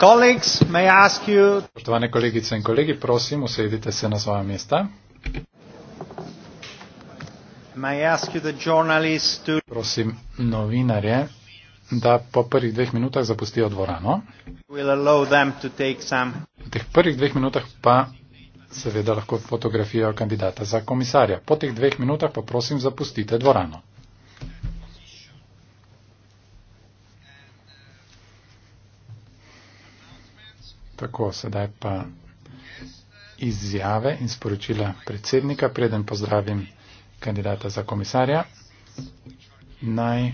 Colleagues, may I ask you... Poštovane kolegice in kolegi, prosim, usedite se na svoja mesta. May I ask you the journalists to... Prosim, novinarje, da po prvih dveh minutah zapustijo dvorano. We'll allow them to take some... V teh prvih dveh minutah pa seveda lahko fotografijo kandidata za komisarja. Po teh dveh minutah pa prosim zapustite dvorano. Tako, sedaj pa izjave in sporočila predsednika. Preden pozdravim kandidata za komisarja, naj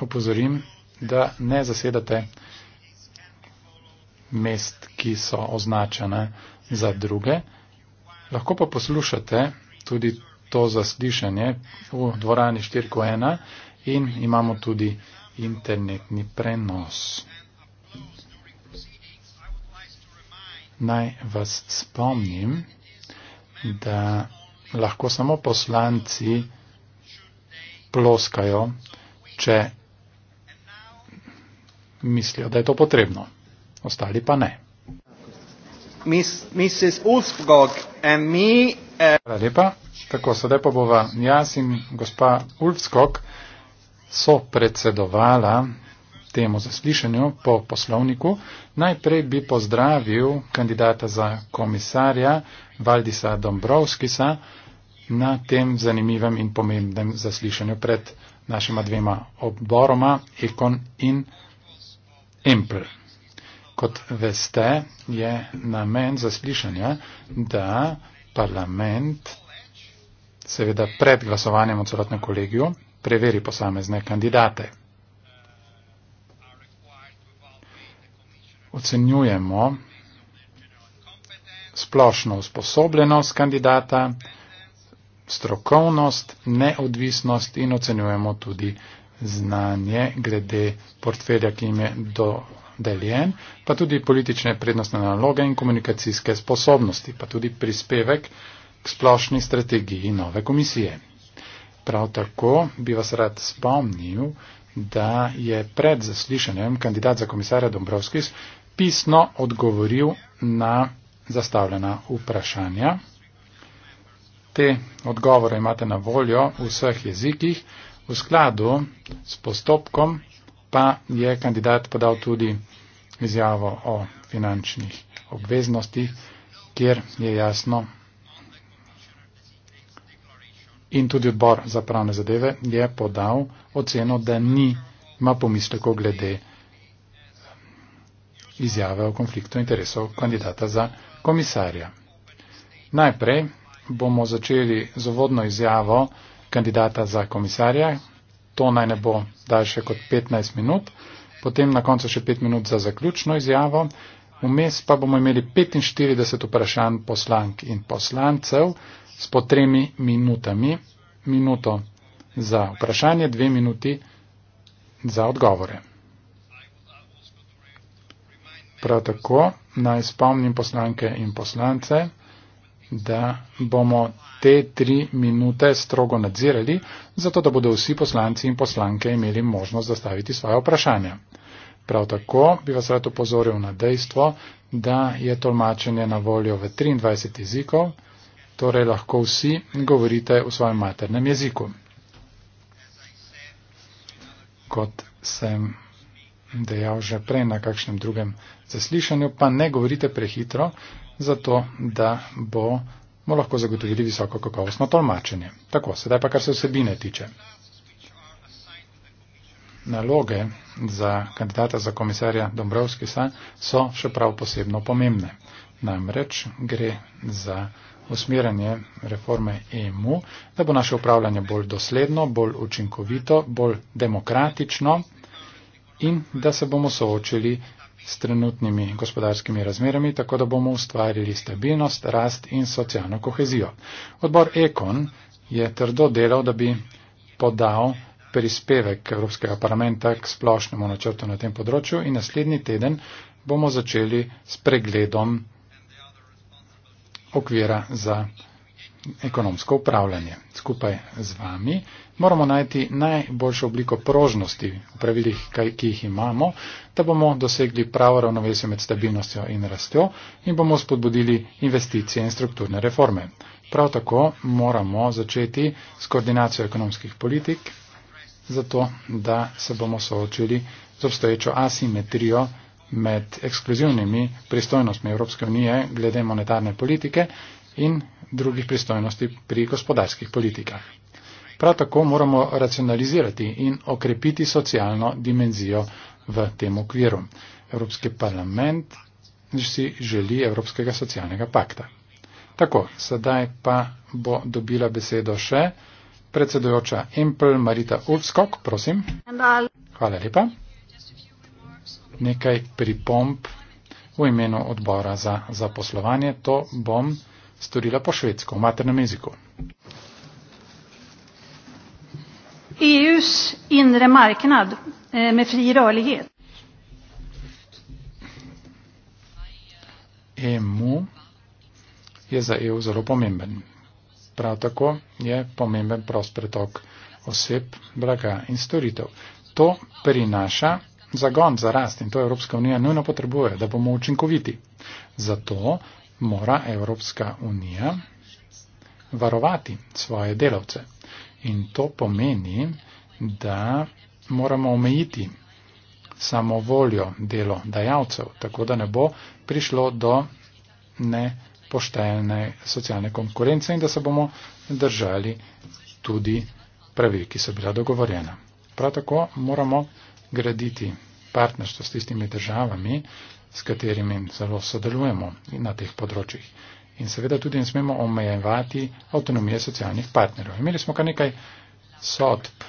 opozorim, da ne zasedate mest, ki so označene za druge. Lahko pa poslušate tudi to zaslišanje v dvorani 4.1 in imamo tudi internetni prenos. naj vas spomnim, da lahko samo poslanci ploskajo, če mislijo, da je to potrebno. Ostali pa ne. Eh, Hvala lepa. Tako sedaj pa bova jaz in gospa Ulfskog so predsedovala temu zaslišanju po poslovniku. Najprej bi pozdravil kandidata za komisarja Valdisa Dombrovskisa na tem zanimivem in pomembnem zaslišanju pred našima dvema odboroma Ekon in Empl. Kot veste, je namen zaslišanja, da parlament seveda pred glasovanjem o celotnem kolegiju preveri posamezne kandidate. ocenjujemo splošno usposobljenost kandidata, strokovnost, neodvisnost in ocenjujemo tudi znanje glede portfelja, ki jim je do. Deljen, pa tudi politične prednostne naloge in komunikacijske sposobnosti, pa tudi prispevek k splošni strategiji nove komisije. Prav tako bi vas rad spomnil, da je pred zaslišanjem kandidat za komisarja Dombrovskis pisno odgovoril na zastavljena vprašanja. Te odgovore imate na voljo v vseh jezikih. V skladu s postopkom pa je kandidat podal tudi izjavo o finančnih obveznostih, kjer je jasno in tudi odbor za pravne zadeve je podal oceno, da ni ma pomisleko glede izjave o konfliktu interesov kandidata za komisarja. Najprej bomo začeli z uvodno izjavo kandidata za komisarja. To naj ne bo daljše kot 15 minut, potem na koncu še 5 minut za zaključno izjavo. Vmes pa bomo imeli 45 vprašanj poslank in poslancev s po tremi minutami. Minuto za vprašanje, dve minuti za odgovore. Prav tako naj spomnim poslanke in poslance, da bomo te tri minute strogo nadzirali, zato da bodo vsi poslanci in poslanke imeli možnost zastaviti svoje vprašanja. Prav tako bi vas rad upozoril na dejstvo, da je tolmačenje na voljo v 23 jezikov, torej lahko vsi govorite v svojem maternem jeziku. Kot sem dejal že prej na kakšnem drugem zaslišanju, pa ne govorite prehitro, zato da bo, bomo lahko zagotovili visoko kakovostno tolmačenje. Tako, sedaj pa kar se vsebine tiče. Naloge za kandidata za komisarja Dombrovskisa so še prav posebno pomembne. Namreč gre za usmerjanje reforme EMU, da bo naše upravljanje bolj dosledno, bolj učinkovito, bolj demokratično in da se bomo soočili s trenutnimi gospodarskimi razmerami, tako da bomo ustvarili stabilnost, rast in socialno kohezijo. Odbor Ekon je trdo delal, da bi podal prispevek Evropskega parlamenta k splošnemu načrtu na tem področju in naslednji teden bomo začeli s pregledom okvira za ekonomsko upravljanje. Skupaj z vami moramo najti najboljšo obliko prožnosti v pravilih, ki jih imamo, da bomo dosegli pravo ravnovesje med stabilnostjo in rastjo in bomo spodbudili investicije in strukturne reforme. Prav tako moramo začeti s koordinacijo ekonomskih politik, zato da se bomo soočili z obstoječo asimetrijo med ekskluzivnimi pristojnostmi Evropske unije glede monetarne politike in drugih pristojnosti pri gospodarskih politikah. Prav tako moramo racionalizirati in okrepiti socialno dimenzijo v tem okviru. Evropski parlament si želi Evropskega socialnega pakta. Tako, sedaj pa bo dobila besedo še predsedujoča Impel Marita Ulfskog, prosim. Hvala lepa. Nekaj pripomp v imenu odbora za zaposlovanje. To bom storila po švedsko, v maternem jeziku. EU's inre marknad eh, med fri rörlighet. EMU je za EU zelo pomemben. Prav tako je pomemben prost pretok oseb, blaga in storitev. To prinaša zagon za rast in to Evropska unija nujno potrebuje, da bomo učinkoviti. Zato mora Evropska unija varovati svoje delavce. In to pomeni, da moramo omejiti samovoljo delo dajalcev, tako da ne bo prišlo do nepoštene socialne konkurence in da se bomo držali tudi pravil, ki so bila dogovorjena. Prav tako moramo graditi partnerstvo s tistimi državami, s katerimi zelo sodelujemo na teh področjih. In seveda tudi ne smemo omejevati avtonomije socialnih partnerjev. Imeli smo kar nekaj sodb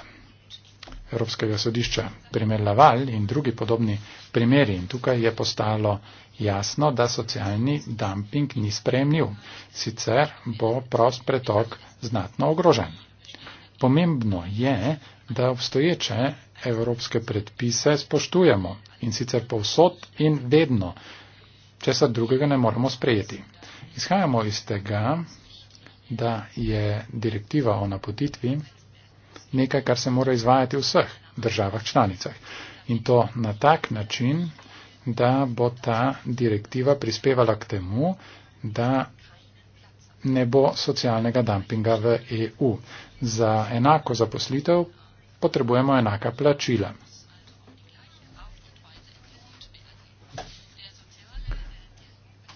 Evropskega sodišča, primer Laval in drugi podobni primeri. In tukaj je postalo jasno, da socialni dumping ni spremljiv. Sicer bo prost pretok znatno ogrožen. Pomembno je, da obstoječe evropske predpise spoštujemo in sicer povsod in vedno. Česar drugega ne moremo sprejeti. Izhajamo iz tega, da je direktiva o napotitvi nekaj, kar se mora izvajati v vseh državah članicah. In to na tak način, da bo ta direktiva prispevala k temu, da ne bo socialnega dumpinga v EU. Za enako zaposlitev potrebujemo enaka plačila.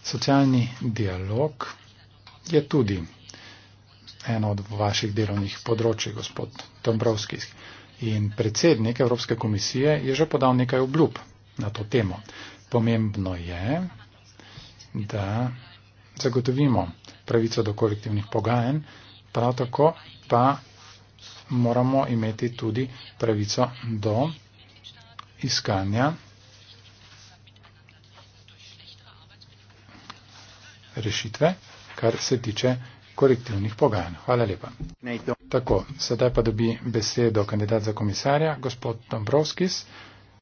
Socialni dialog je tudi eno od vaših delovnih področji, gospod Dombrovskis. In predsednik Evropske komisije je že podal nekaj obljub na to temo. Pomembno je, da zagotovimo pravico do kolektivnih pogajanj, prav tako pa moramo imeti tudi pravico do iskanja rešitve, kar se tiče kolektivnih pogajanj. Hvala lepa. Tako, sedaj pa dobi besedo kandidat za komisarja, gospod Dombrovskis.